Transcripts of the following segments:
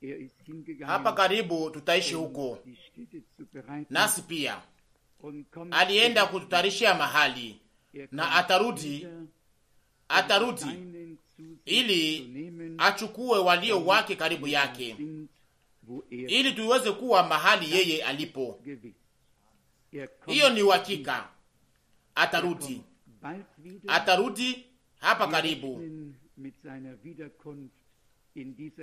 Er hapa karibu tutaishi um huko, nasi pia alienda kututayarishia mahali er na atarudi, um atarudi ili achukue walio wake karibu yake, er ili tuweze kuwa mahali yeye alipo. Hiyo ni uhakika, atarudi, atarudi hapa karibu,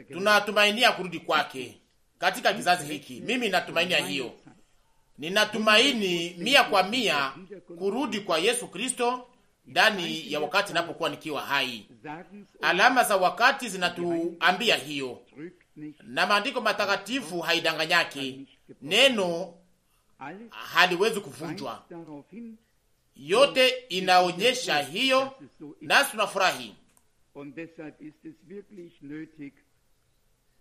tunatumainia kurudi kwake katika kizazi hiki. Mimi natumainia hiyo, ninatumaini mia kwa mia kurudi kwa Yesu Kristo ndani ya wakati napokuwa nikiwa hai. Alama za wakati zinatuambia hiyo, na maandiko matakatifu haidanganyaki, neno haliwezi kuvunjwa yote inaonyesha hiyo, nasi tunafurahi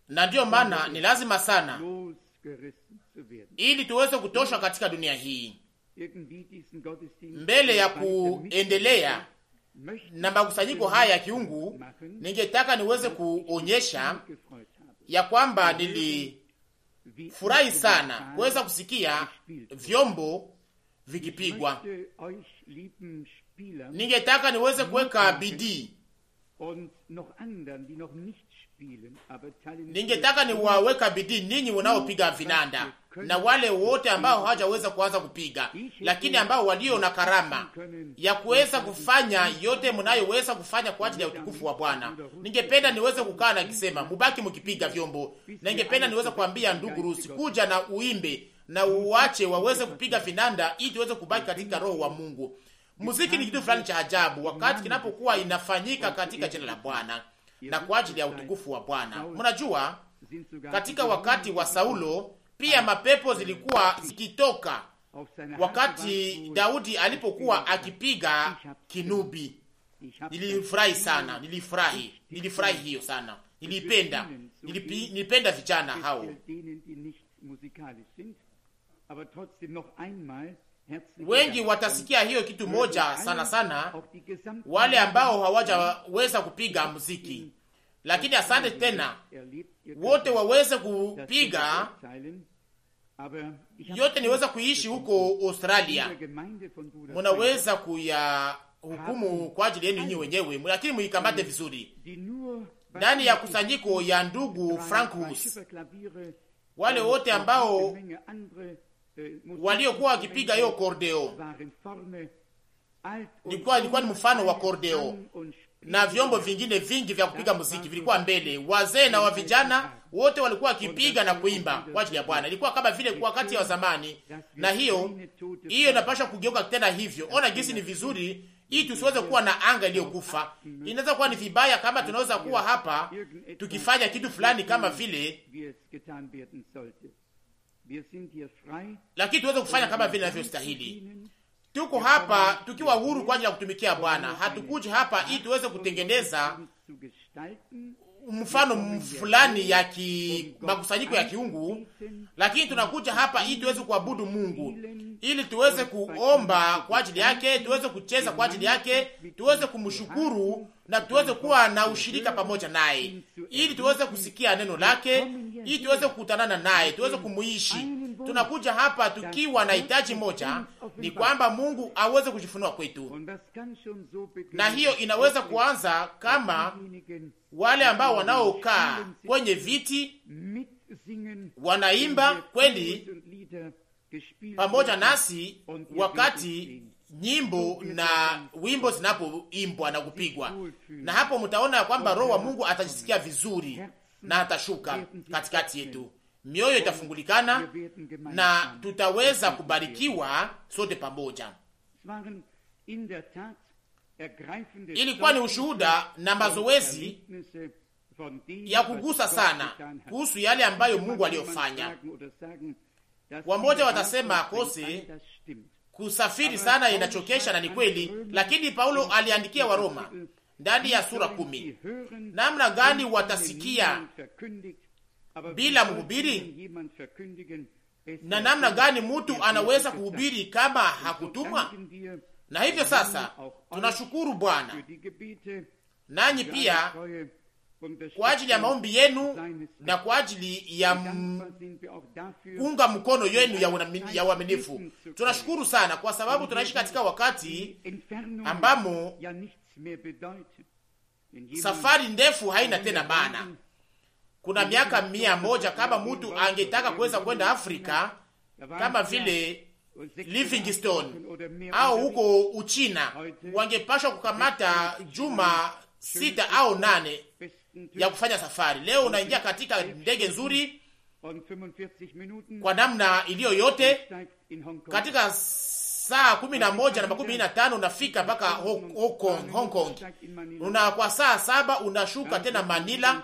na ndiyo maana ni lazima sana ili tuweze kutoshwa katika dunia hii mbele ya kuendelea na makusanyiko haya ya kiungu. Ningetaka niweze kuonyesha ya kwamba nilifurahi sana kuweza kusikia vyombo vikipigwa. Ningetaka niweze kuweka bidii, ningetaka niwaweka bidii ninyi wanaopiga vinanda na wale wote ambao hawajaweza kuanza kupiga, lakini ambao walio na karama ya kuweza kufanya yote mnayoweza kufanya kwa ajili ya utukufu wa Bwana. Ningependa niweze kukaa na kisema, mubaki mukipiga vyombo, na ningependa niweze kuambia ndugu Rusi kuja na uimbe na uwache waweze kupiga vinanda ili tuweze kubaki katika roho wa Mungu. Muziki ni kitu fulani cha ajabu wakati kinapokuwa inafanyika katika jina la Bwana na kwa ajili ya utukufu wa Bwana. Mnajua katika wakati wa Saulo pia mapepo zilikuwa zikitoka wakati Daudi alipokuwa akipiga kinubi. Nilifurahi sana, nilifurahi, nilifurahi hiyo sana, nilipenda, nilipenda vijana hao Wengi watasikia hiyo kitu moja sana sana, wale ambao hawajaweza kupiga muziki, lakini asante tena, wote waweze kupiga yote niweza kuishi huko Australia, munaweza kuyahukumu kwa ajili yenu nyinyi wenyewe, lakini muikamate vizuri ndani ya kusanyiko ya ndugu Frankus, wale wote ambao waliokuwa wakipiga hiyo kordeo ilikuwa ilikuwa ni mfano wa kordeo, na vyombo vingine vingi vya kupiga muziki vilikuwa mbele. Wazee na wavijana wote walikuwa wakipiga na kuimba kwa ajili ya Bwana. Ilikuwa kama vile kwa wakati wa zamani, na hiyo hiyo inapasha kugeuka tena. Hivyo ona jinsi ni vizuri, ili tusiweze kuwa na anga iliyokufa. Inaweza kuwa ni vibaya kama tunaweza kuwa hapa tukifanya kitu fulani kama vile lakini tuweze kufanya kama vile inavyostahili. Tuko hapa tukiwa huru kwa ajili ya kutumikia um Bwana. Hatukuji hapa ili tuweze um kutengeneza mfano fulani ya ki, makusanyiko ya kiungu, lakini tunakuja hapa ili tuweze kuabudu Mungu, ili tuweze kuomba kwa ajili yake, tuweze kucheza kwa ajili yake, tuweze kumshukuru na tuweze kuwa na ushirika pamoja naye, ili tuweze kusikia neno lake, ili tuweze kukutanana naye, tuweze kumuishi. Tunakuja hapa tukiwa na hitaji moja, ni kwamba Mungu aweze kujifunua kwetu, na hiyo inaweza kuanza kama wale ambao wanaokaa kwenye viti wanaimba kweli pamoja nasi wakati nyimbo na wimbo zinapoimbwa na kupigwa, na hapo mtaona ya kwamba Roho wa Mungu atajisikia vizuri na atashuka katikati yetu, mioyo itafungulikana na tutaweza kubarikiwa sote pamoja ilikuwa ni ushuhuda na mazoezi ya kugusa sana kuhusu yale ambayo Mungu aliyofanya. Wamoja watasema kose kusafiri sana inachokesha, na ni kweli, lakini Paulo aliandikia Waroma ndani ya sura kumi namna gani watasikia bila mhubiri na namna gani mtu anaweza kuhubiri kama hakutumwa. Na hivyo sasa tunashukuru Bwana nanyi pia kwa ajili ya maombi yenu na kwa ajili ya kuunga mkono yenu ya uaminifu. Tunashukuru sana kwa sababu tunaishi katika wakati ambamo safari ndefu haina tena maana. Kuna miaka mia moja kama mtu angetaka kuweza kwenda Afrika kama vile Livingstone au huko Uchina wangepashwa kukamata juma sita au nane ya kufanya safari. Leo unaingia katika ndege nzuri kwa namna iliyo yote, katika saa kumi na moja na makumi na tano unafika mpaka Hong Kong, Hong Kong. Una kwa saa saba unashuka tena Manila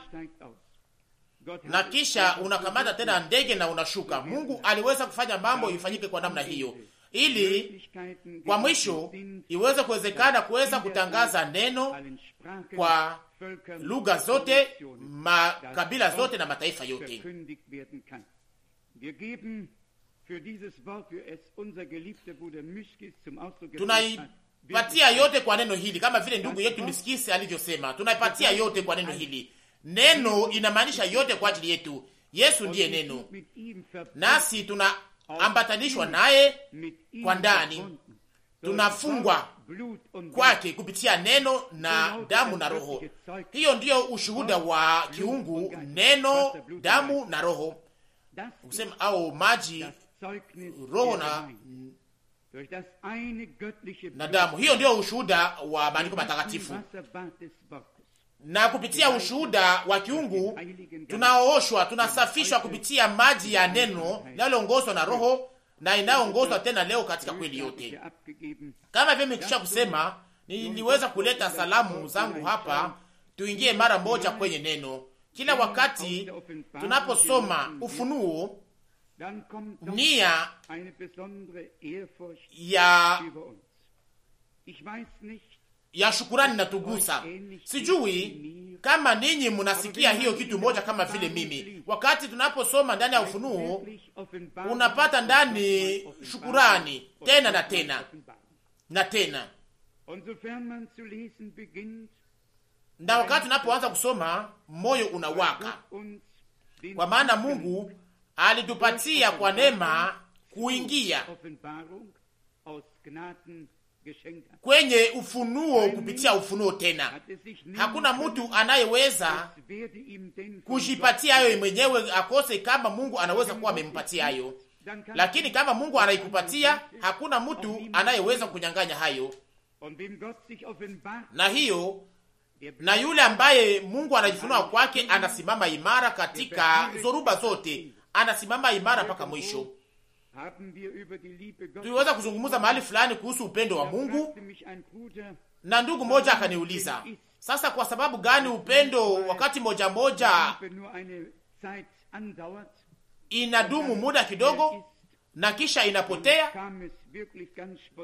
na kisha unakamata tena ndege na unashuka. Mungu aliweza kufanya mambo ifanyike kwa namna hiyo, ili kwa mwisho iweze kuwezekana kuweza kutangaza neno kwa lugha zote, makabila zote na mataifa yote. Tunaipatia yote kwa neno hili, kama vile ndugu yetu Miskisi alivyosema, tunaipatia yote kwa neno hili Neno inamaanisha yote kwa ajili yetu. Yesu ndiye neno, nasi tunaambatanishwa naye kwa ndani, tunafungwa kwake kupitia neno na damu na roho. Hiyo ndiyo ushuhuda wa kiungu, neno, damu na roho, kusema au maji, roho na na damu. Hiyo ndiyo ushuhuda wa maandiko matakatifu na kupitia ushuhuda wa kiungu tunaooshwa, tunasafishwa kupitia maji ya neno linaloongozwa na Roho na inayoongozwa tena leo katika kweli yote. Kama vile nimekwisha kusema, niliweza kuleta salamu zangu hapa. Tuingie mara moja kwenye neno. Kila wakati tunaposoma Ufunuo, nia ya ya shukurani natugusa. Sijui kama ninyi mnasikia hiyo kitu moja kama vile mimi. Wakati tunaposoma ndani ya Ufunuo, unapata ndani shukurani tena na tena na tena, na wakati tunapoanza kusoma moyo unawaka, kwa maana Mungu alitupatia kwa neema kuingia kwenye ufunuo kupitia ufunuo tena. Hakuna mtu anayeweza kujipatia hayo mwenyewe, akose kama Mungu anaweza kuwa amempatia hayo. Lakini kama Mungu anaikupatia, hakuna mtu anayeweza kunyang'anya hayo. Na hiyo na yule ambaye Mungu anajifunua kwake anasimama imara katika zoruba zote, anasimama imara mpaka mwisho tuliweza kuzungumza mahali fulani kuhusu upendo wa Mungu, na ndugu moja akaniuliza, sasa kwa sababu gani upendo wakati moja moja inadumu muda er kidogo na kisha inapotea?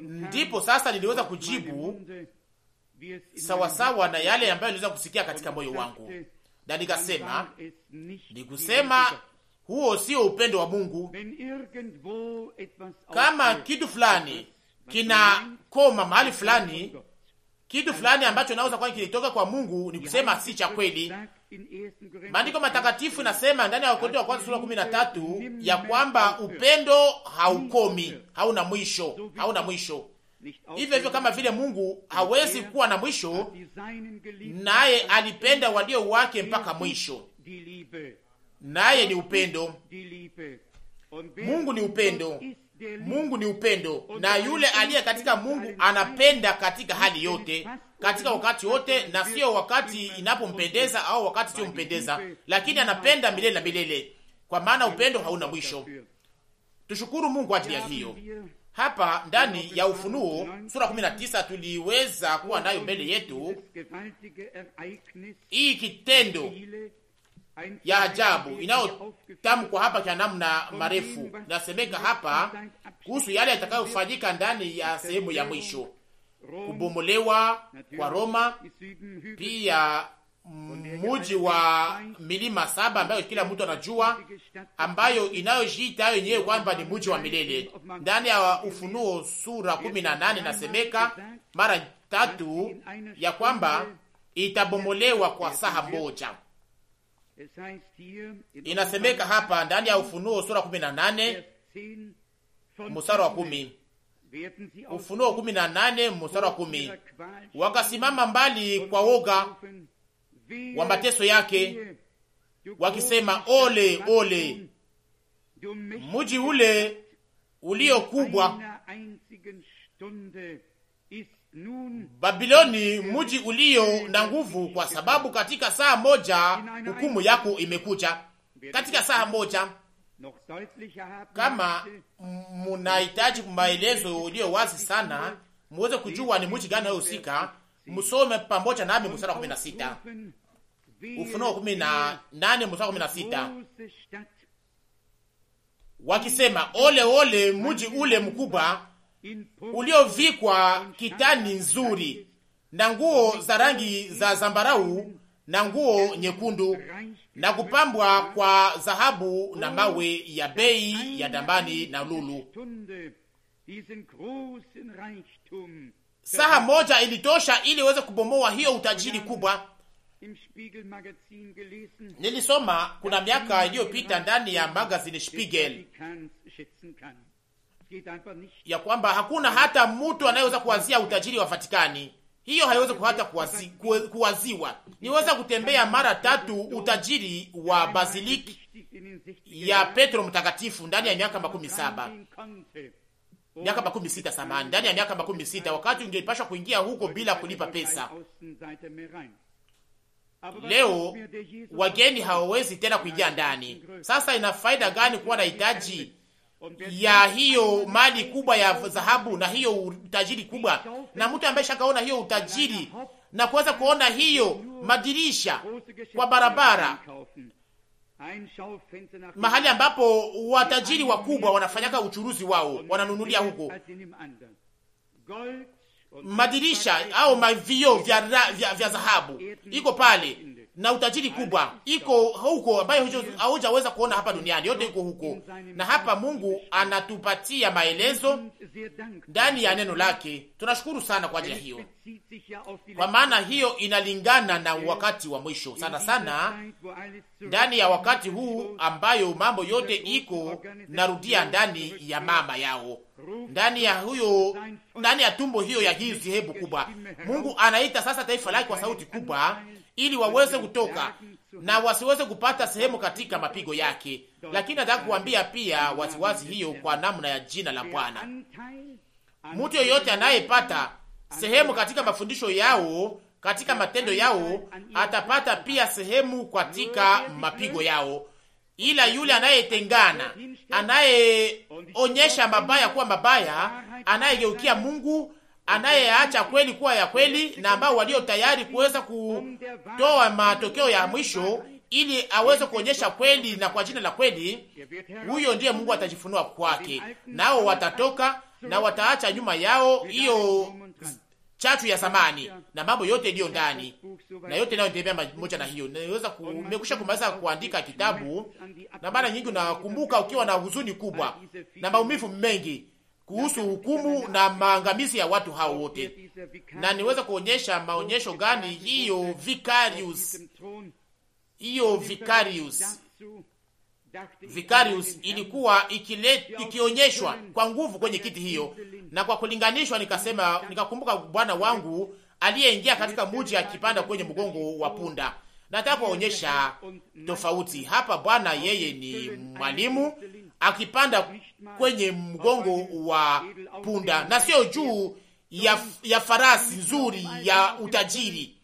Ndipo sasa niliweza kujibu sawasawa na yale ambayo niliweza kusikia katika moyo wangu, na nikasema kusema huo sio upendo wa Mungu. Kama kitu fulani kinakoma mahali fulani, kitu fulani ambacho naweza kwa kilitoka kwa Mungu, ni kusema si cha kweli. Maandiko Matakatifu nasema ndani ya Wakorintho wa kwanza sura tatu ya kwamba upendo haukomi, hauna mwisho, hauna mwisho. Hivyo hivyo kama vile Mungu hawezi er kuwa na mwisho, naye alipenda walio wake mpaka er mwisho naye ni upendo. Mungu ni upendo. Mungu ni upendo, na yule aliye katika Mungu anapenda katika hali yote, katika wakati wote, na sio wakati inapompendeza au wakati siompendeza, lakini anapenda milele na milele, kwa maana upendo hauna mwisho. Tushukuru Mungu ajili ya hiyo. Hapa ndani ya Ufunuo sura 19 tuliweza kuwa nayo mbele yetu hii kitendo ya ajabu inayotamkwa hapa kwa namna marefu. Nasemeka hapa kuhusu yale yatakayofanyika ndani ya sehemu ya mwisho, kubomolewa kwa Roma, pia muji wa milima saba ambayo kila mtu anajua, ambayo inayojiita yenyewe kwamba ni muji wa milele. Ndani ya Ufunuo sura kumi na nane nasemeka mara tatu ya kwamba itabomolewa kwa saha moja. Inasemeka hapa ndani ya Ufunuo sura 18 mstari wa 10. Ufunuo 18 mstari wa 10. wakasimama mbali kwa woga wa mateso yake wakisema, ole ole muji ule ulio kubwa Babiloni, muji ulio na nguvu, kwa sababu katika saa moja hukumu yako imekuja. Katika saa moja, kama munahitaji maelezo iliyo wazi sana, muweze kujua ni muji gani nayohusika, msome pamoja nami mstari wa 16 Ufunuo 18 mstari wa sita wakisema, ole ole muji ule mkubwa uliovikwa kitani nzuri na nguo za rangi za zambarau na nguo nyekundu na kupambwa kwa dhahabu na mawe ya bei ya dambani na lulu. Saha moja ilitosha ili iweze kubomoa hiyo utajiri kubwa. Nilisoma kuna miaka iliyopita ndani ya magazini Spiegel ya kwamba hakuna hata mtu anayeweza kuwazia utajiri wa Vatikani. Hiyo haiwezi hata kuwazi, kuwaziwa. Niweza kutembea mara tatu utajiri wa basiliki ya Petro Mtakatifu ndani ya miaka makumi saba miaka makumi sita samani, ndani ya miaka makumi sita wakati ungepashwa kuingia huko bila kulipa pesa. Leo wageni hawawezi tena kuingia ndani. Sasa ina faida gani kuwa na hitaji ya hiyo mali kubwa ya dhahabu na hiyo utajiri kubwa, na mtu ambaye shakaona hiyo utajiri na kuweza kuona hiyo madirisha kwa barabara, mahali ambapo watajiri wakubwa wanafanyaka uchuruzi wao, wananunulia huko madirisha au mavio vya, vya, vya dhahabu iko pale na utajiri kubwa iko huko ambayo haujaweza kuona hapa duniani, yote iko huko. Na hapa Mungu anatupatia maelezo ndani ya neno lake. Tunashukuru sana kwa ajili hiyo, kwa maana hiyo inalingana na wakati wa mwisho sana sana, ndani ya wakati huu ambayo mambo yote iko narudia ndani ya mama yao ndani ya huyo ndani ya tumbo hiyo ya hii dhehebu kubwa. Mungu anaita sasa taifa lake kwa sauti kubwa ili waweze kutoka na wasiweze kupata sehemu katika mapigo yake, lakini nataka kuambia pia waziwazi hiyo kwa namna ya jina la Bwana. Mtu yoyote anayepata sehemu katika mafundisho yao, katika matendo yao, atapata pia sehemu katika mapigo yao, ila yule anayetengana, anayeonyesha mabaya kuwa mabaya, anayegeukia Mungu anayeacha kweli kuwa ya kweli na ambao walio tayari kuweza kutoa matokeo ya mwisho ili aweze kuonyesha kweli na kwa jina la kweli, huyo ndiye Mungu atajifunua kwake, nao watatoka na wataacha nyuma yao hiyo chachu ya zamani na mambo yote iliyo ndani na yote inayotembea pamoja na hiyo. Naweza kumekusha kumaliza kuandika kitabu, na mara nyingi unakumbuka ukiwa na huzuni kubwa na maumivu mengi kuhusu hukumu na maangamizi ya watu hao wote, na niweza kuonyesha maonyesho gani hiyo vicarius, hiyo vicarius vicarius ilikuwa ikile, ikionyeshwa kwa nguvu kwenye kiti hiyo, na kwa kulinganishwa, nikasema nikakumbuka bwana wangu aliyeingia katika muji akipanda kwenye mgongo wa punda. Nataka kuwaonyesha tofauti hapa. Bwana yeye ni mwalimu akipanda kwenye mgongo wa punda na sio juu ya, ya farasi nzuri ya utajiri,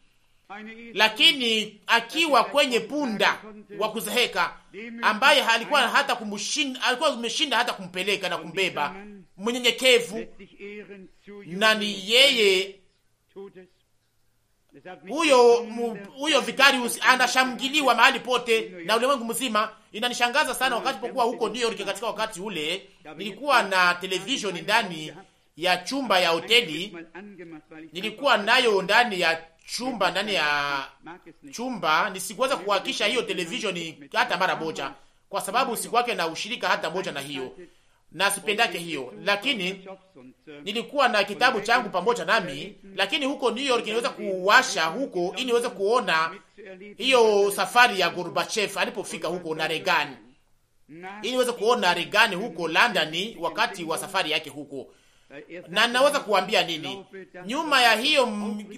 lakini akiwa kwenye punda wa kuzeheka ambaye alikuwa hata kumshinda, alikuwa ameshinda hata kumpeleka na kumbeba mnyenyekevu, na ni yeye huyo huyo vikari anashangiliwa mahali pote na ulimwengu mzima. Inanishangaza sana wakati pokuwa huko New York katika wakati ule, nilikuwa na televisheni ndani ya chumba ya hoteli, nilikuwa nayo ndani ya chumba ndani ya chumba. Nisikuweza kuhakisha hiyo televisheni hata mara moja, kwa sababu sikuwake na ushirika hata moja na hiyo na sipendake hiyo, lakini nilikuwa na kitabu changu pamoja nami, lakini huko New York niweza kuwasha huko ili niweze kuona hiyo safari ya Gorbachev alipofika huko na Reagan, ili niweze kuona Reagan huko London wakati wa safari yake huko na naweza kuambia nini nyuma ya hiyo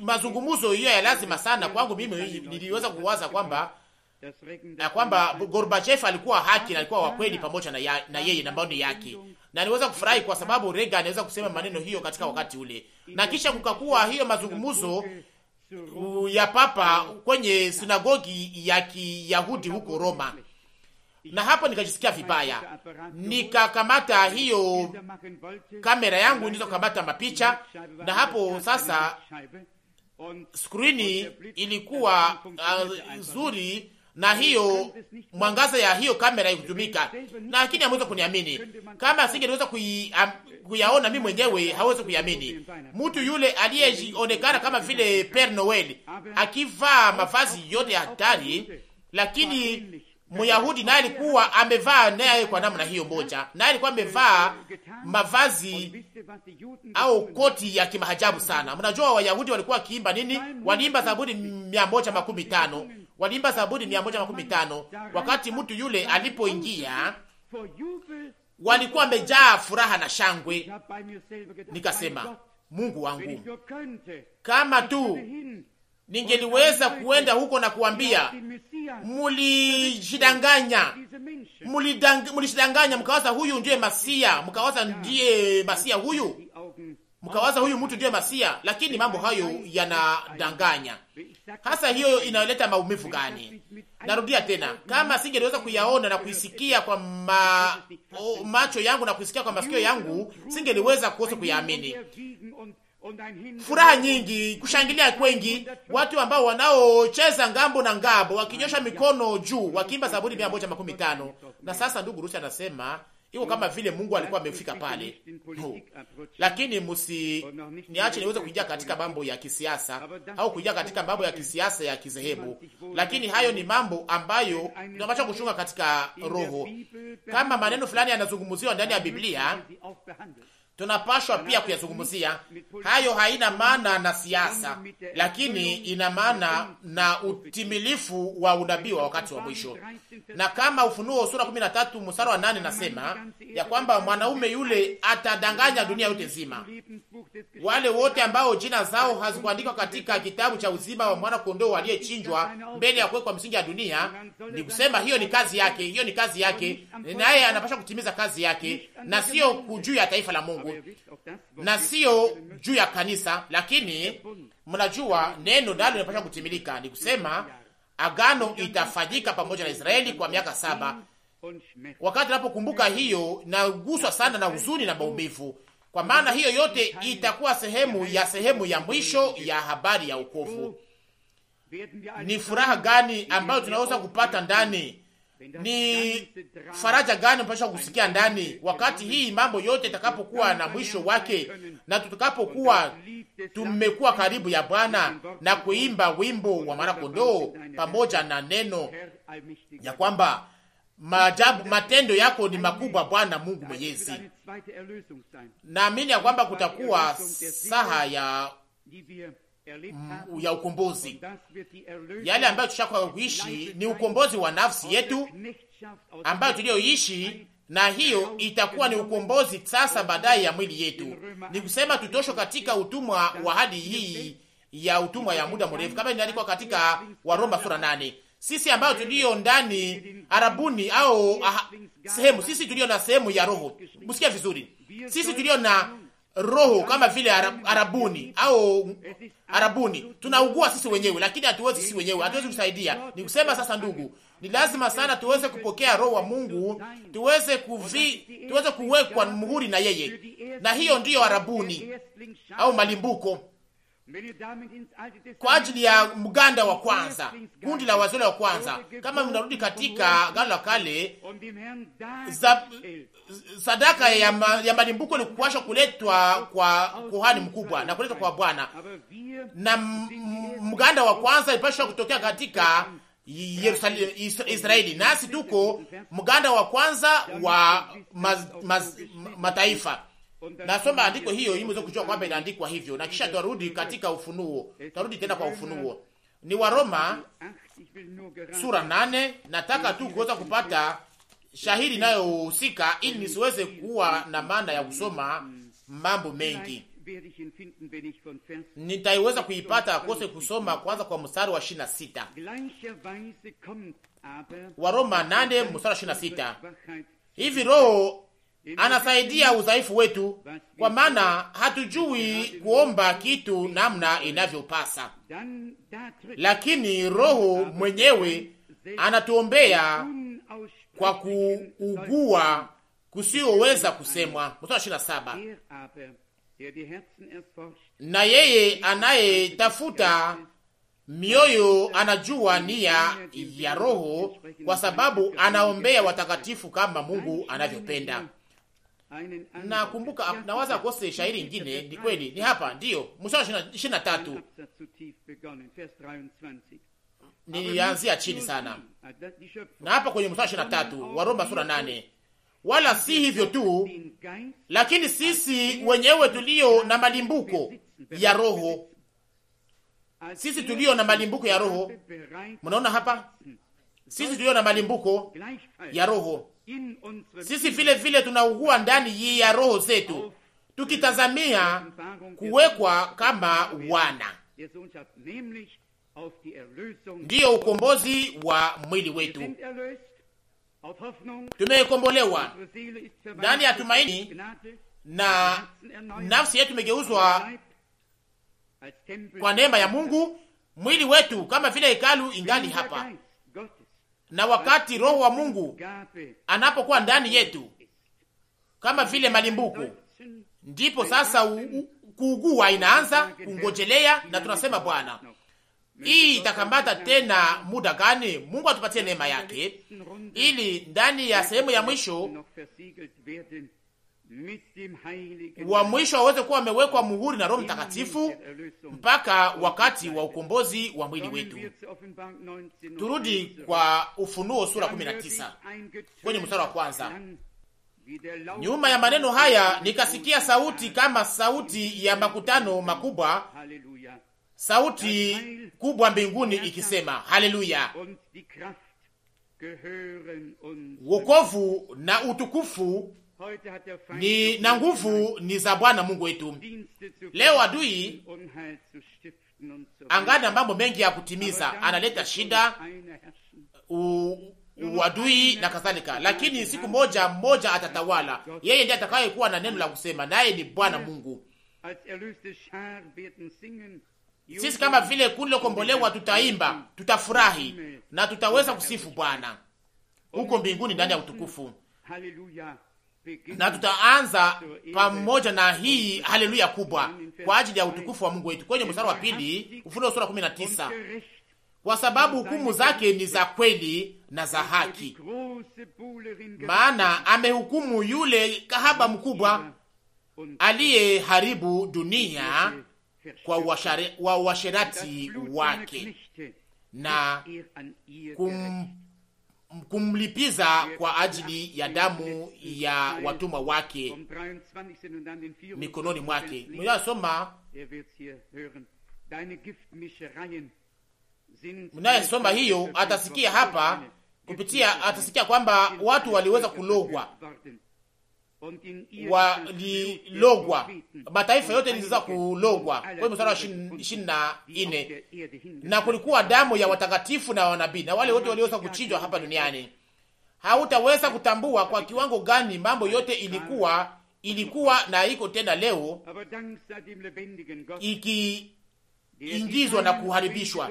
mazungumzo hiyo ya lazima sana kwangu mimi, niliweza kuwaza kwamba ya kwamba Gorbachev alikuwa haki na alikuwa wakweli pamoja na, ya, na yeye na ni yake, na niweza kufurahi kwa sababu Reagan anaweza kusema maneno hiyo katika wakati ule, na kisha kukakuwa hiyo mazungumzo ya papa kwenye sinagogi ya Kiyahudi huko Roma, na hapo nikajisikia vibaya, nikakamata hiyo kamera yangu ndizo kukamata mapicha, na hapo sasa skrini ilikuwa uh, nzuri na hiyo mwangaza ya hiyo kamera ikutumika, lakini hamwezi kuniamini. Kama asingeweza kuyaona mimi mwenyewe, hawezi kuyamini. Mtu yule aliyeonekana kama vile Père Noel akivaa mavazi yote ya hatari, lakini Myahudi naye alikuwa amevaa naye kwa namna hiyo moja, naye alikuwa amevaa mavazi au koti ya kimahajabu sana. Mnajua Wayahudi walikuwa wakiimba nini? Waliimba Zaburi mia moja makumi tano Walimba Zaburi mia moja makumi tano. Wakati mtu yule alipoingia walikuwa wamejaa furaha na shangwe. Nikasema, Mungu wangu, kama tu ningeliweza kuenda huko na kuambia mulishidanganya, mulishidanganya, mkawaza huyu ndiye Masia, mkawaza ndiye Masia huyu mkawaza huyu mtu ndiye Masia, lakini mambo hayo yanadanganya. Hasa hiyo inaleta maumivu gani? Narudia tena, kama singeliweza kuyaona na kuisikia kwa ma... o, macho yangu na kuisikia kwa masikio yangu, singeliweza kuweza kuyaamini. Furaha nyingi, kushangilia kwengi, watu ambao wanaocheza ngambo na ngambo, wakinyosha mikono juu, wakiimba Zaburi mia moja makumi tano. Na sasa ndugu Rusi anasema Iko kama vile Mungu alikuwa amefika pale no. Lakini musi niache niweze kuingia katika mambo ya kisiasa au kuingia katika mambo ya kisiasa ya kizehebu, lakini hayo ni mambo ambayo tunapaswa kuchunga katika roho. Kama maneno fulani yanazungumziwa ndani ya Biblia tunapashwa pia kuyazungumzia hayo. Haina maana na siasa, lakini ina maana na utimilifu wa unabii wa wakati wa mwisho. Na kama Ufunuo sura 13 mstari wa 8 nasema ya kwamba mwanaume yule atadanganya dunia yote nzima wale wote ambao jina zao hazikuandikwa katika kitabu cha uzima wa mwana kondoo aliyechinjwa mbele ya kuwekwa msingi ya dunia. Ni kusema hiyo ni kazi yake, hiyo ni kazi yake, naye anapasha kutimiza kazi yake, na sio juu ya taifa la Mungu na sio juu ya kanisa. Lakini mnajua neno nalo linapasha kutimilika, ni kusema agano itafanyika pamoja na Israeli kwa miaka saba. Wakati napokumbuka hiyo, naguswa sana na huzuni na maumivu kwa maana hiyo yote itakuwa sehemu ya sehemu ya mwisho ya habari ya ukovu. Ni furaha gani ambayo tunaweza kupata ndani? Ni faraja gani mpasha kusikia ndani, wakati hii mambo yote itakapokuwa na mwisho wake na tutakapokuwa tumekuwa karibu ya Bwana na kuimba wimbo wa kondoo pamoja na neno ya kwamba Maajabu, matendo yako ni makubwa, Bwana Mungu Mwenyezi. Naamini ya kwamba kutakuwa saha ya mm, ya ukombozi. Yale ambayo tushakwa kuishi ni ukombozi wa nafsi yetu ambayo tuliyoishi, na hiyo itakuwa ni ukombozi sasa baadaye ya mwili yetu. Ni kusema tutosho katika utumwa wa hadi hii ya utumwa ya muda mrefu, kama inaandikwa katika Waroma sura nane sisi ambayo tulio ndani arabuni au aha, sehemu sisi tulio na sehemu ya roho. Msikia vizuri, sisi tulio na roho kama vile arabuni au arabuni, tunaugua sisi wenyewe, lakini hatuwezi sisi wenyewe, hatuwezi kusaidia. Ni kusema sasa, ndugu, ni lazima sana tuweze kupokea roho wa Mungu, tuweze kuvi, tuweze kuwekwa muhuri na yeye, na hiyo ndiyo arabuni au malimbuko kwa ajili ya mganda wa kwanza, kundi la wazee wa kwanza. Kama mnarudi katika gano la kale, sadaka ya, ma, ya malimbuko kuletwa kwa kuhani mkubwa na kuletwa kwa Bwana, na mganda wa kwanza ilipashwa kutokea katika Yerusalemu, Israeli, nasi tuko mganda wa kwanza wa mataifa ma, ma, ma Nasoma andiko hiyo ili mweze kujua kwamba inaandikwa hivyo, na kisha tuarudi katika Ufunuo, tuarudi tena kwa Ufunuo. Ni Waroma sura nane. Nataka tu kuweza kupata shahidi inayohusika ili nisiweze kuwa na maana ya kusoma mambo mengi. Nitaiweza kuipata kose kusoma kwanza kwa mstari wa ishirini na sita Waroma nane mstari wa ishirini na sita hivi roho anasaidia udhaifu wetu, kwa maana hatujui kuomba kitu namna inavyopasa, lakini Roho mwenyewe anatuombea kwa kuugua kusiyoweza kusemwa. Mstari ishirini na saba. Na yeye anayetafuta mioyo anajua nia ya Roho, kwa sababu anaombea watakatifu kama Mungu anavyopenda. Nakumbuka, ah, nawaza kose shairi ingine. Ni kweli, ni hapa ndiyo mstari ishirini na tatu nilianzia chini sana, na hapa kwenye mstari ishirini na tatu wa Roma sura nane wala si hivyo tu, lakini sisi wenyewe tulio na malimbuko ya Roho, sisi tulio na malimbuko ya Roho. Mnaona hapa, sisi tulio na malimbuko ya Roho sisi vile vile tunaugua ndani ya roho zetu, tukitazamia kuwekwa kama wana, ndiyo ukombozi wa mwili wetu. Tumekombolewa ndani ya tumaini na nafsi yetu imegeuzwa kwa neema ya Mungu. Mwili wetu kama vile hekalu ingali hapa na wakati Roho wa Mungu anapokuwa ndani yetu kama vile malimbuko, ndipo sasa kuugua inaanza kungojelea, na tunasema Bwana, hii itakambata tena muda gani? Mungu atupatie neema yake, ili ndani ya sehemu ya mwisho wa mwisho waweze kuwa wamewekwa muhuri na Roho Mtakatifu mpaka wakati wa ukombozi wa mwili wetu. Turudi kwa Ufunuo sura 19 kwenye mstari wa kwanza. Nyuma ya maneno haya nikasikia sauti kama sauti ya makutano makubwa, sauti kubwa mbinguni ikisema, haleluya! Wokovu na utukufu ni na nguvu ni za Bwana Mungu wetu. Leo adui na mambo mengi ya kutimiza, analeta shida u, uadui na kadhalika, lakini siku moja mmoja atatawala. Yeye ndiye atakayekuwa na neno la kusema, naye ni Bwana Mungu. Sisi kama vile kundi lokombolewa, tutaimba, tutafurahi na tutaweza kusifu Bwana huko mbinguni ndani ya utukufu na tutaanza pamoja na hii haleluya kubwa kwa ajili ya utukufu wa Mungu wetu, kwenye mstari wa pili Ufunuo sura 19, kwa sababu hukumu zake ni za kweli na za haki, maana amehukumu yule kahaba mkubwa aliyeharibu dunia kwa uasherati wake na kum kumlipiza kwa ajili ya damu ya watumwa wake mikononi mwake. Mnayosoma mnayosoma hiyo atasikia hapa kupitia, atasikia kwamba watu waliweza kulogwa walilogwa, mataifa yote liliweza kulogwa. Kwa mstari wa ishirini na nne na kulikuwa damu ya watakatifu na wanabii na wale wote walioweza kuchinjwa hapa duniani. Hautaweza kutambua kwa kiwango gani mambo yote ilikuwa ilikuwa na iko tena leo ikiingizwa na kuharibishwa,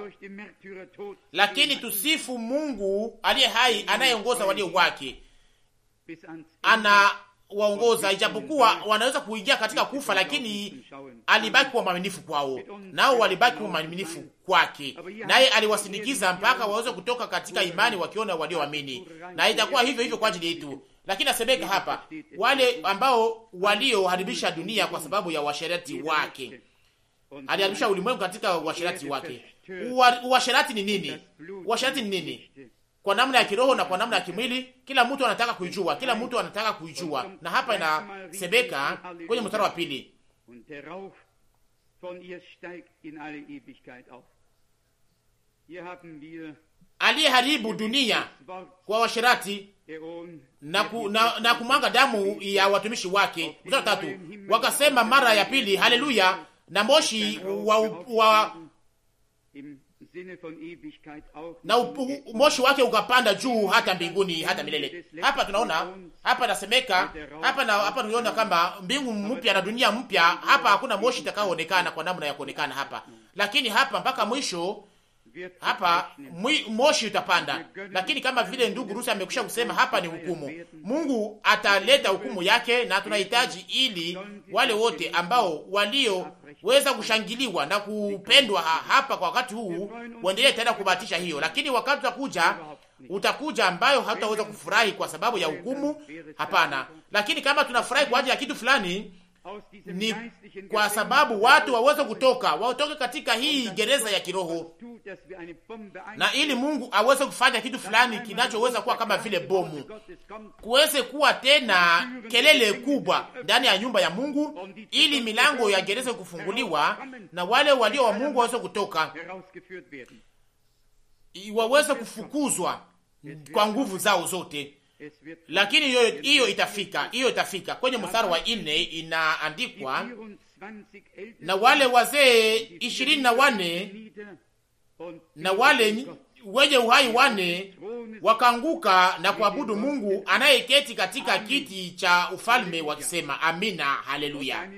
lakini tusifu Mungu aliye hai, anayeongoza walio wake ana waongoza, ijapokuwa wanaweza kuingia katika kufa, lakini alibaki kuwa mwaminifu kwao, nao walibaki kuwa mwaminifu kwake, naye aliwasindikiza mpaka waweze kutoka katika imani, wakiona walioamini, na itakuwa hivyo hivyo kwa ajili yetu. Lakini asemeka hapa wale ambao walioharibisha dunia kwa sababu ya washerati wake, aliharibisha ulimwengu katika washerati wake. Uasherati ni nini? Uasherati ni nini? kwa namna ya kiroho na kwa namna ya kimwili. Kila mtu anataka kuijua, kila mtu anataka kuijua, na hapa inasemeka kwenye mstari wa pili haribu dunia kwa washirati na, ku, na, na kumwanga damu ya watumishi wake. Mstari tatu, wakasema mara ya pili, haleluya, na moshi wa, wa na moshi wake ukapanda juu hata mbinguni hata milele. Hapa tunaona hapa nasemeka hapa na hapa tunaona kama mbingu mpya na dunia mpya. Hapa hakuna moshi itakaoonekana kwa namna ya kuonekana hapa, lakini hapa mpaka mwisho hapa mwi, moshi utapanda. Lakini kama vile ndugu Rusi amekwisha kusema, hapa ni hukumu. Mungu ataleta hukumu yake, na tunahitaji ili wale wote ambao walioweza kushangiliwa na kupendwa hapa kwa wakati huu waendelee tena kubatisha hiyo, lakini wakati utakuja utakuja ambayo hatutaweza kufurahi kwa sababu ya hukumu. Hapana, lakini kama tunafurahi kwa ajili ya kitu fulani ni kwa sababu watu waweze kutoka watoke katika hii gereza ya kiroho, na ili Mungu aweze kufanya kitu fulani kinachoweza kuwa kama vile bomu, kuweze kuwa tena kelele kubwa ndani ya nyumba ya Mungu, ili milango ya gereza kufunguliwa na wale walio wa Mungu waweze kutoka, waweze kufukuzwa kwa nguvu zao zote lakini hiyo itafika, hiyo itafika. Kwenye mstari wa nne inaandikwa, na wale wazee ishirini na wane na wale wenye uhai wane wakaanguka na kuabudu Mungu anayeketi katika kiti cha ufalme wakisema, amina, haleluya.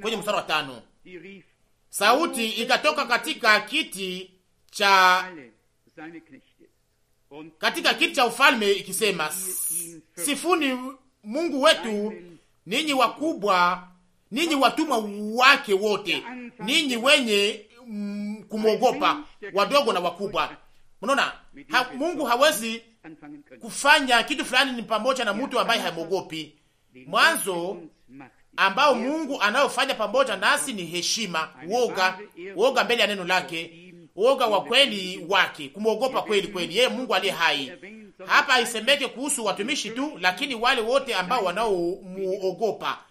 Kwenye mstari wa tano sauti ikatoka katika kiti cha katika kiti cha ufalme ikisema, sifuni Mungu wetu ninyi wakubwa, ninyi watumwa wake wote, ninyi wenye mm, kumwogopa, wadogo na wakubwa. Mnaona ha, Mungu hawezi kufanya kitu fulani ni pamoja na mtu ambaye hamwogopi. Mwanzo ambao Mungu anayofanya pamoja nasi ni heshima, woga, woga mbele ya neno lake uoga wa kweli wake, kumwogopa kweli kweli yeye Mungu aliye hai. Hapa isemeke kuhusu watumishi tu, lakini wale wote ambao wanaomuogopa,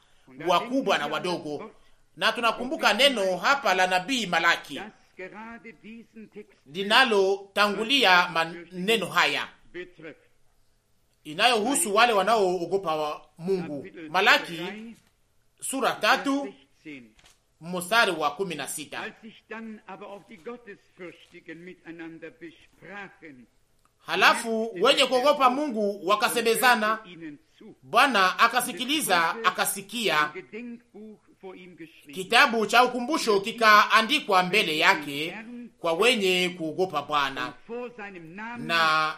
wakubwa na wadogo. Na tunakumbuka neno hapa la nabii Malaki linalotangulia maneno haya inayohusu wale wanaoogopa wa Mungu. Malaki sura tatu mstari wa kumi na sita. Halafu wenye kuogopa Mungu wakasemezana, Bwana akasikiliza, akasikia. Kitabu cha ukumbusho kikaandikwa mbele yake kwa wenye kuogopa Bwana na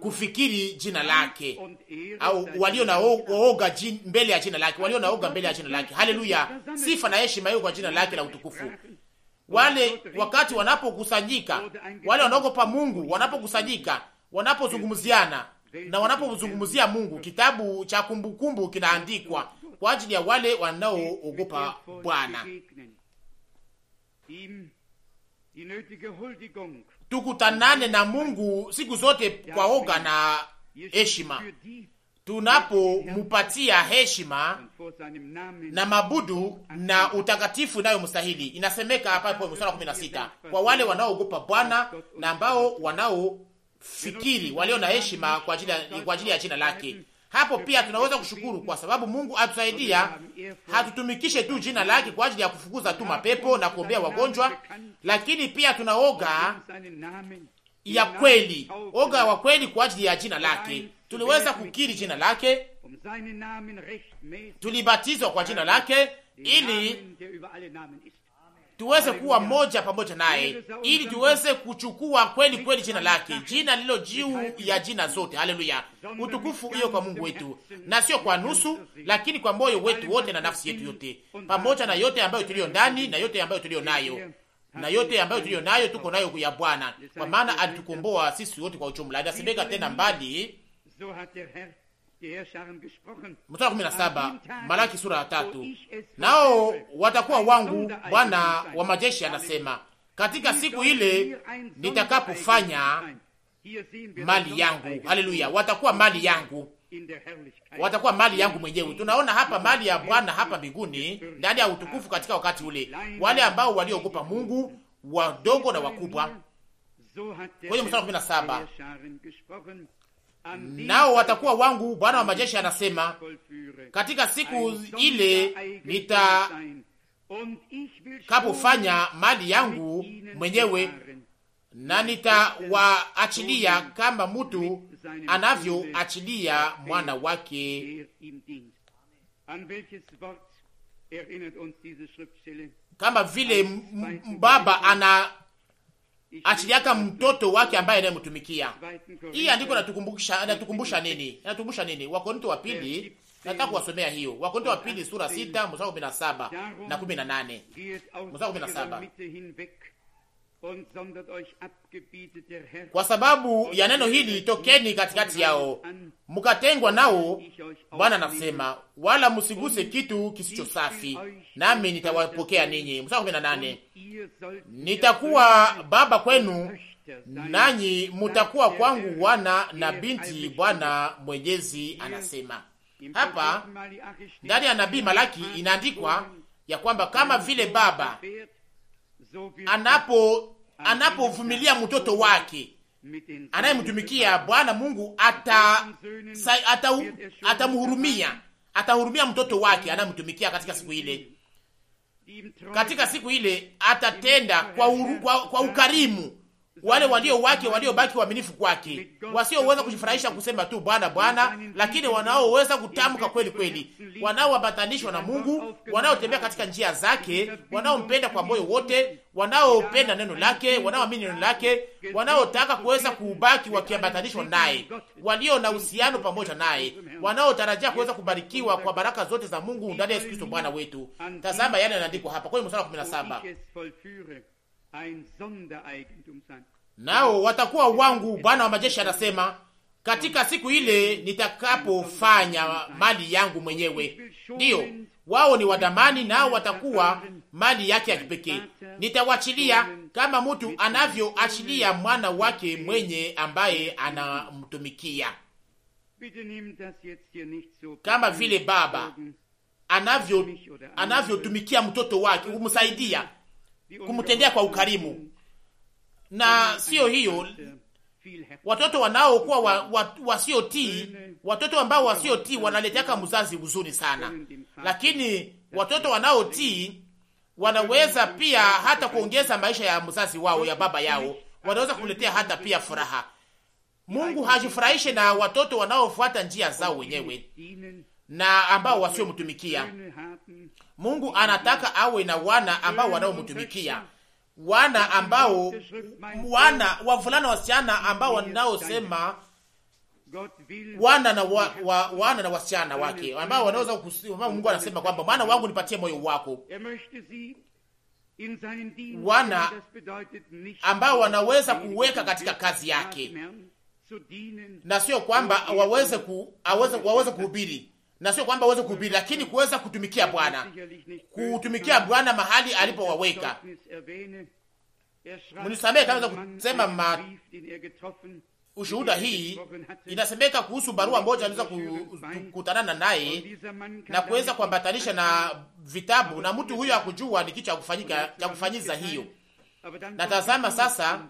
kufikiri jina lake, au walio na oga mbele ya jina lake, walio na oga mbele ya jina lake. Haleluya, sifa na heshima hiyo kwa jina lake la utukufu. Wale wakati wanapokusanyika, wale wanaogopa Mungu wanapokusanyika, wanapozungumziana na wanapozungumzia Mungu, kitabu cha kumbukumbu kinaandikwa kwa ajili ya wale wanaoogopa Bwana tukutanane na Mungu siku zote kwa oga na heshima, tunapomupatia heshima na mabudu na utakatifu mustahili. Inasemeka hapa kwa mstari 16, kwa wale wanaoogopa Bwana na ambao wanaofikiri walio na heshima kwa ajili ya jina lake hapo pia tunaweza kushukuru kwa sababu Mungu atusaidia, hatutumikishe tu jina lake kwa ajili ya kufukuza tu mapepo na kuombea wagonjwa, lakini pia tunaoga ya kweli, oga wa kweli kwa ajili ya jina lake. Tuliweza kukiri jina lake, tulibatizwa kwa jina lake ili tuweze kuwa moja pamoja naye, ili tuweze kuchukua kweli kweli jina lake, jina lilo juu ya jina zote. Haleluya! Utukufu hiyo kwa Mungu wetu, na sio kwa nusu, lakini kwa moyo wetu wote na nafsi yetu yote, pamoja na yote ambayo tuliyo ndani na yote ambayo tuliyo nayo na yote ambayo tuliyo nayo, tuko nayo ya Bwana, kwa maana alitukomboa sisi wote kwa ujumla. Inasemeka tena mbali mstari wa kumi na saba Malaki sura ya tatu. Nao watakuwa wangu, Bwana wa majeshi anasema, katika siku ile nitakapofanya mali yangu. Haleluya, watakuwa mali yangu, watakuwa mali yangu mwenyewe. Tunaona hapa mali ya Bwana hapa mbinguni ndani ya utukufu katika wakati ule, wale ambao waliogopa Mungu, wadogo na wakubwa. Kwenye mstari wa kumi na saba nao watakuwa wangu. Bwana wa majeshi anasema, katika siku ile nitakapofanya mali yangu mwenyewe, na nitawaachilia kama mtu anavyoachilia mwana wake. Er kama vile baba ana achiliaka mtoto wake ambaye anayemtumikia. Hii andiko natukumbusha natukumbusha nini? Natukumbusha nini? Wakorinto wa pili, nataka kuwasomea hiyo. Wakorinto wa pili sura 6 mstari 17 na 18. Mstari 17. Kwa sababu ya neno hili, tokeni katikati yao, mukatengwa nao, Bwana anasema, wala musiguse kitu kisicho safi, nami nitawapokea ninyi. Mstari kumi na nane, nitakuwa baba kwenu nanyi mutakuwa kwangu wana na binti, Bwana Mwenyezi anasema. Hapa ndani ya nabii Malaki inaandikwa ya kwamba kama vile baba anapo anapovumilia mtoto wake anayemtumikia Bwana Mungu atamhurumia ata, ata atahurumia mtoto wake anayemtumikia katika siku ile. Katika siku ile atatenda kwa, uru, kwa, kwa ukarimu wale walio wake waliobaki waaminifu kwake, wasioweza kujifurahisha kusema tu Bwana Bwana, lakini wanaoweza kutamka kweli kweli, wanaoambatanishwa na Mungu, wanaotembea katika njia zake, wanaompenda kwa moyo wote, wanaopenda neno lake, wanaoamini neno lake, wanaotaka kuweza kubaki wakiambatanishwa naye, walio na uhusiano pamoja naye, wanaotarajia kuweza kubarikiwa kwa baraka zote za Mungu ndani ya Yesu Kristo Bwana wetu. Tazama yale yanaandikwa hapa kwenye mstari wa 17 nao watakuwa wangu, Bwana wa majeshi anasema, katika siku ile nitakapofanya mali yangu mwenyewe. Ndiyo, wao ni wadamani, nao watakuwa mali yake ya kipekee. Nitawachilia kama mtu anavyoachilia mwana wake mwenye ambaye anamtumikia, kama vile baba anavyotumikia anavyo mtoto wake, umsaidia kumtendea kwa ukarimu, na sio hiyo watoto wanaokuwa wasiotii wa, wa watoto ambao wasiotii wanaleteaka mzazi huzuni sana, lakini watoto wanaotii wanaweza pia hata kuongeza maisha ya mzazi wao ya baba yao, wanaweza kuletea hata pia furaha. Mungu hajifurahishe na watoto wanaofuata njia zao wenyewe na ambao wasiomtumikia. Mungu anataka awe na wana ambao wanaomtumikia, wana ambao wana wavulana, wasichana ambao wanaosema wana na wa, wa, wana na wasichana wake ambao wanaweza kusema, Mungu anasema kwamba mwana wangu, nipatie moyo wako, er wana ambao wanaweza kuweka katika kazi yake na sio kwamba waweze ku, aweze, waweze kuhubiri na sio kwamba uweze kuhubiri, lakini kuweza kutumikia Bwana, kutumikia Bwana mahali alipowaweka. Mnisamehe kama kusema ma... ushuhuda hii inasemeka kuhusu barua moja aliweza kukutanana naye na kuweza kuambatanisha na vitabu, na mtu huyo hakujua ni kitu cha kufanyika cha kufanyiza hiyo na tazama sasa,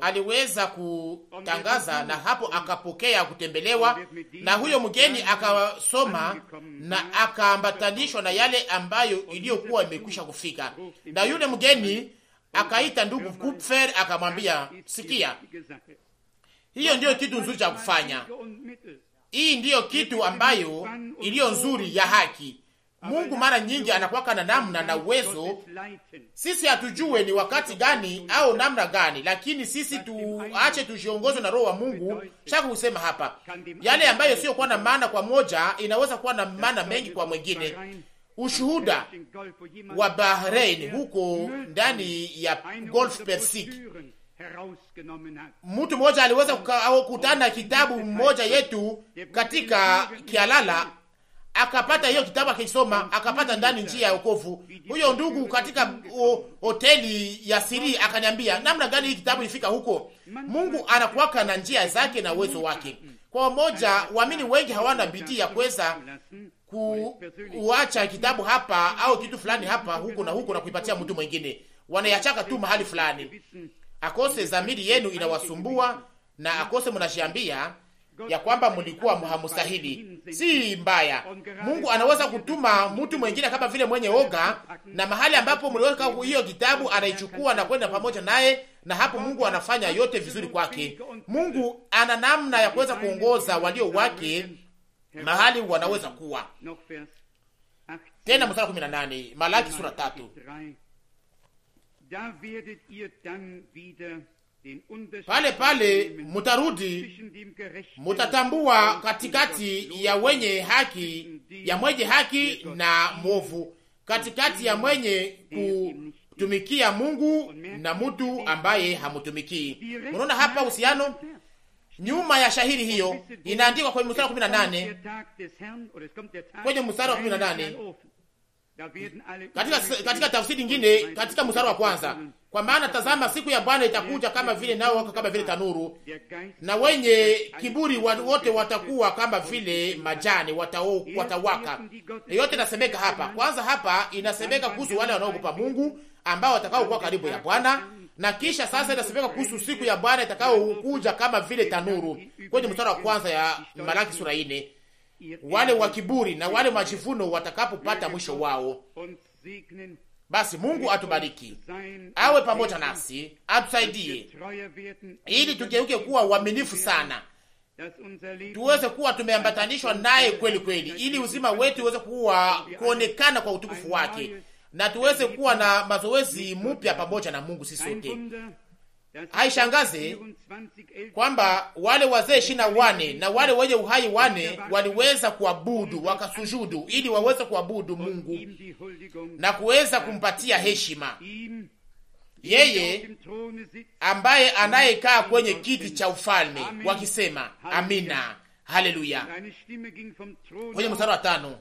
aliweza kutangaza na hapo akapokea kutembelewa, na huyo mgeni akasoma na akaambatanishwa na yale ambayo iliyokuwa imekwisha kufika. Na yule mgeni akaita ndugu Kupfer akamwambia, sikia, hiyo ndiyo kitu nzuri cha kufanya, hii ndiyo kitu ambayo iliyo nzuri ya haki Mungu mara nyingi anakuwaka na namna na uwezo. Sisi hatujue ni wakati gani au namna gani, lakini sisi tuache tujiongozwe na Roho wa Mungu. Shaka kusema hapa, yale ambayo sio kuwa na maana kwa moja inaweza kuwa na maana mengi kwa mwingine. Ushuhuda wa Bahrain huko ndani ya Golf Persik, mtu mmoja aliweza kukutana kitabu mmoja yetu katika Kialala akapata hiyo kitabu akisoma, akapata ndani njia ya wokovu. Huyo ndugu katika hoteli ya siri akaniambia namna gani hii kitabu ifika huko. Mungu anakuwaka na njia zake na uwezo wake. Kwa moja, waamini wengi hawana bidii ya kuweza kuacha kitabu hapa au kitu fulani hapa huko na huko na kuipatia mtu mwingine, wanayachaka tu mahali fulani. Akose zamiri yenu inawasumbua na akose mnashiambia ya kwamba mlikuwa hamustahili, si mbaya. Mungu anaweza kutuma mtu mwengine kama vile mwenye oga, na mahali ambapo mliweka hiyo kitabu anaichukua na kwenda pamoja naye, na hapo Mungu anafanya yote vizuri kwake. Mungu ana namna ya kuweza kuongoza walio wake mahali wanaweza kuwa tena. Mstari 18 Malaki sura tatu pale pale mutarudi, mutatambua katikati ya wenye haki ya mwenye haki na mwovu, katikati ya mwenye kutumikia Mungu na mtu ambaye hamutumikii. Unaona hapa uhusiano nyuma ya shahiri hiyo inaandikwa kwenye mstari wa 18, kwenye mstari wa katika, katika tafsiri nyingine katika mstari wa kwanza, kwa maana tazama siku ya Bwana itakuja kama vile nao wako kama vile tanuru, na wenye kiburi wote watakuwa kama vile majani watao, watawaka. Yote inasemeka hapa kwanza. Hapa inasemeka kuhusu wale wanaogopa Mungu ambao watakao kuwa karibu ya Bwana, na kisha sasa inasemeka kuhusu siku ya Bwana itakaokuja kama vile tanuru kwenye mstari wa kwanza ya Malaki sura wale wa kiburi na wale majivuno watakapopata mwisho wao. Basi Mungu atubariki, awe pamoja nasi, atusaidie ili tugeuke kuwa uaminifu sana, tuweze kuwa tumeambatanishwa naye kweli kweli, ili uzima wetu uweze kuwa kuonekana kwa utukufu wake, na tuweze kuwa na mazoezi mupya pamoja na Mungu sisi sote. Haishangazi kwamba wale wazee ishirini na wane na wale wenye uhai wane waliweza kuabudu wakasujudu, ili waweze kuabudu Mungu na kuweza kumpatia heshima yeye ambaye anayekaa kwenye kiti cha ufalme, wakisema amina, haleluya. Kwenye mstari wa tano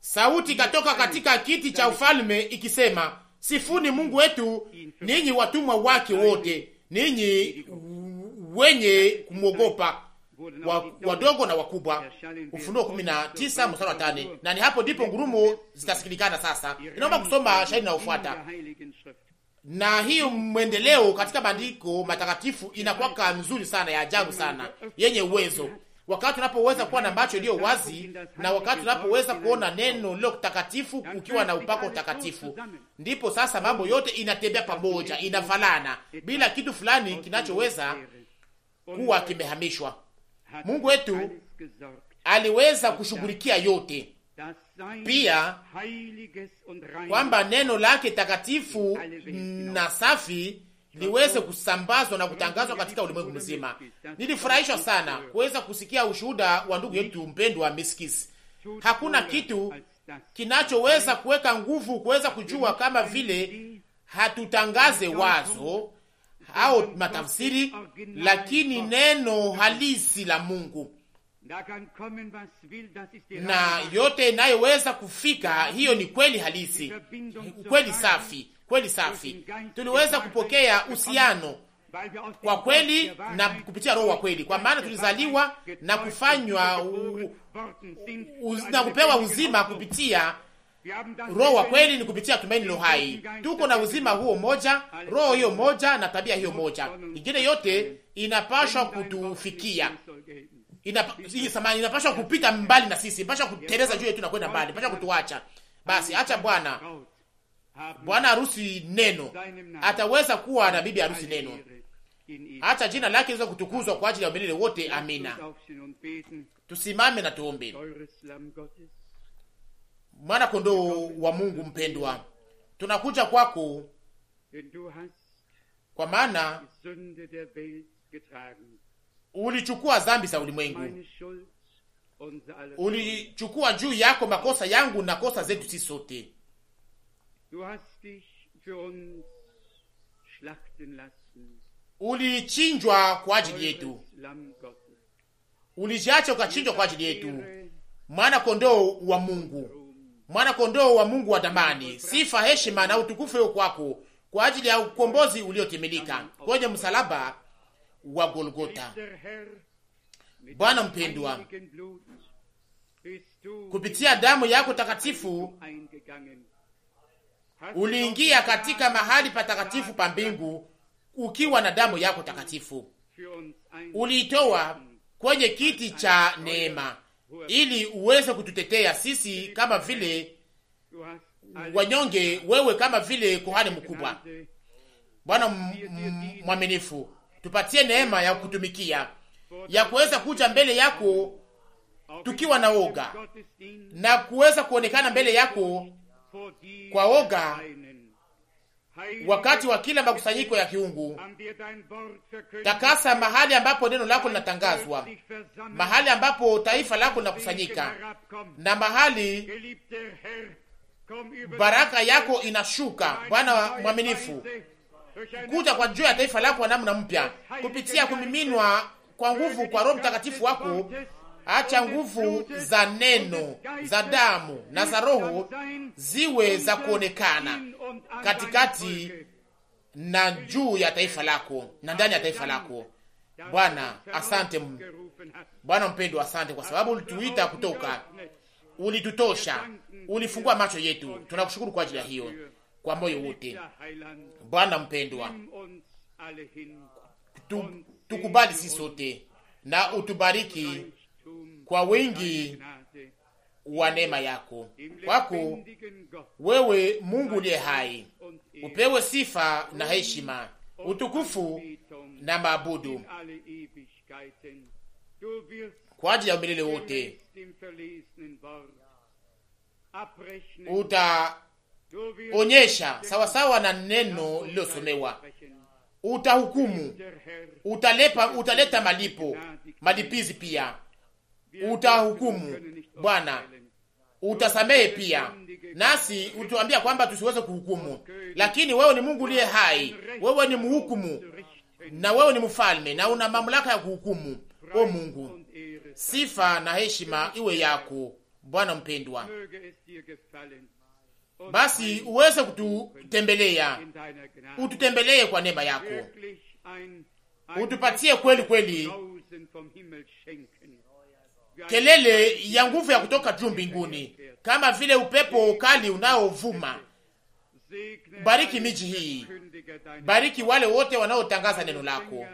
sauti ikatoka katika kiti cha ufalme ikisema Sifuni Mungu wetu, ninyi watumwa wake wote, ninyi wenye kumwogopa wadogo na wakubwa. Ufunuo kumi na tisa mstari wa tani. Na ni hapo ndipo ngurumo zitasikilikana. Sasa inaomba kusoma shahidi inayofuata, na hiyo mwendeleo katika maandiko matakatifu inakwaka nzuri sana ya ajabu sana yenye uwezo Wakati unapoweza kuwa na macho iliyo wazi na wakati unapoweza kuona neno lilo takatifu ukiwa na upako takatifu, ndipo sasa mambo yote inatembea pamoja, inavalana bila kitu fulani kinachoweza kuwa kimehamishwa. Mungu wetu aliweza kushughulikia yote pia kwamba neno lake takatifu na safi liweze kusambazwa na kutangazwa katika ulimwengu mzima. Nilifurahishwa sana kuweza kusikia ushuhuda wa ndugu yetu mpendwa Miskis. Hakuna kitu kinachoweza kuweka nguvu kuweza kujua kama vile hatutangaze wazo au matafsiri, lakini neno halisi la Mungu na yote inayoweza kufika. Hiyo ni kweli halisi, kweli safi kweli safi. Tuliweza kupokea uhusiano kwa kweli na kupitia Roho wa kweli, kwa maana tulizaliwa na kufanywa na kupewa uzima kupitia Roho wa kweli, ni kupitia tumaini lo hai. Tuko na uzima huo moja, roho hiyo moja na tabia hiyo moja, ingine yote inapashwa kutufikia samani inapashwa kupita mbali na sisi, inapashwa kuteleza juu yetu na kwenda mbali, inapashwa kutuacha. Basi acha Bwana bwana harusi neno, ataweza kuwa na bibi harusi neno, hata jina lake liweza kutukuzwa kwa ajili ya milele wote. Amina. Tusimame na tuombe. Mwana kondoo wa Mungu mpendwa, tunakuja kwako kwa maana ulichukua dhambi za ulimwengu, ulichukua juu yako makosa yangu na kosa zetu sisi sote Ulichinjwa kwa ajili yetu, ulijiacha ukachinjwa kwa ajili yetu, mwana kondoo wa Mungu, mwana kondoo wa Mungu wa damani. Sifa, heshima na utukufu yo kwako kwa ajili ya ukombozi uliotimilika kwenye msalaba wa Golgota. Bwana mpendwa, kupitia damu yako takatifu uliingia katika mahali patakatifu pa mbingu ukiwa na damu yako takatifu, uliitoa kwenye kiti cha neema ili uweze kututetea sisi kama vile wanyonge, wewe kama vile kuhani mkubwa. Bwana mwaminifu, tupatie neema ya kutumikia ya kuweza kuja mbele yako tukiwa na oga na kuweza kuonekana mbele yako kwa oga wakati wa kila makusanyiko ya kiungu. Takasa mahali ambapo neno lako linatangazwa, mahali ambapo taifa lako linakusanyika, na mahali baraka yako inashuka. Bwana mwaminifu, kuja kwa juu ya taifa lako kwa namna mpya, kupitia kumiminwa kwa nguvu kwa Roho Mtakatifu wako Acha nguvu za neno za damu na za roho ziwe za kuonekana katikati na juu ya taifa lako na ndani ya taifa lako. Bwana asante, Bwana mpendwa, asante kwa sababu ulituita kutoka, ulitutosha, ulifungua macho yetu. Tunakushukuru kwa ajili ya hiyo kwa moyo wote. Bwana mpendwa, tu, tukubali sisi sote na utubariki kwa wingi wa neema yako. Kwako wewe Mungu uliye hai upewe sifa na heshima, utukufu na maabudu kwa ajili ya umilele wote. Utaonyesha sawasawa na neno lililosomewa, utahukumu, utaleta malipo malipizi pia utahukumu Bwana, utasamehe pia. Nasi utuambia kwamba tusiweze kuhukumu, lakini wewe ni Mungu uliye hai, wewe ni mhukumu na wewe ni mfalme na una mamlaka ya kuhukumu. O Mungu, sifa na heshima iwe yako Bwana mpendwa. Basi uweze kututembelea, ututembelee kwa neema yako, utupatie kweli kweli kelele ya nguvu ya kutoka juu mbinguni, kama vile upepo ukali unaovuma. Bariki miji hii, bariki wale wote wanaotangaza neno lako,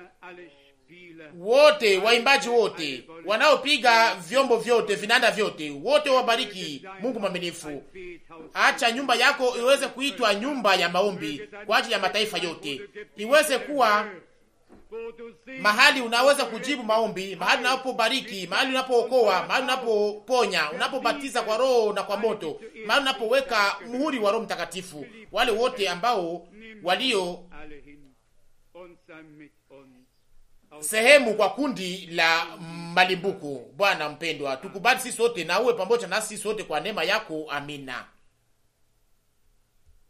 wote waimbaji wote wanaopiga vyombo vyote vinanda vyote, wote wabariki. Mungu mwaminifu, acha nyumba yako iweze kuitwa nyumba ya maombi kwa ajili ya mataifa yote, iweze kuwa mahali unaweza kujibu maombi, mahali unapobariki, mahali unapookoa, mahali unapoponya, unapobatiza kwa Roho na kwa moto, mahali unapoweka muhuri wa Roho Mtakatifu. Wale wote ambao walio sehemu kwa kundi la malimbuku Bwana mpendwa, tukubali sisi sote na uwe pamoja nasi sote kwa neema yako. Amina.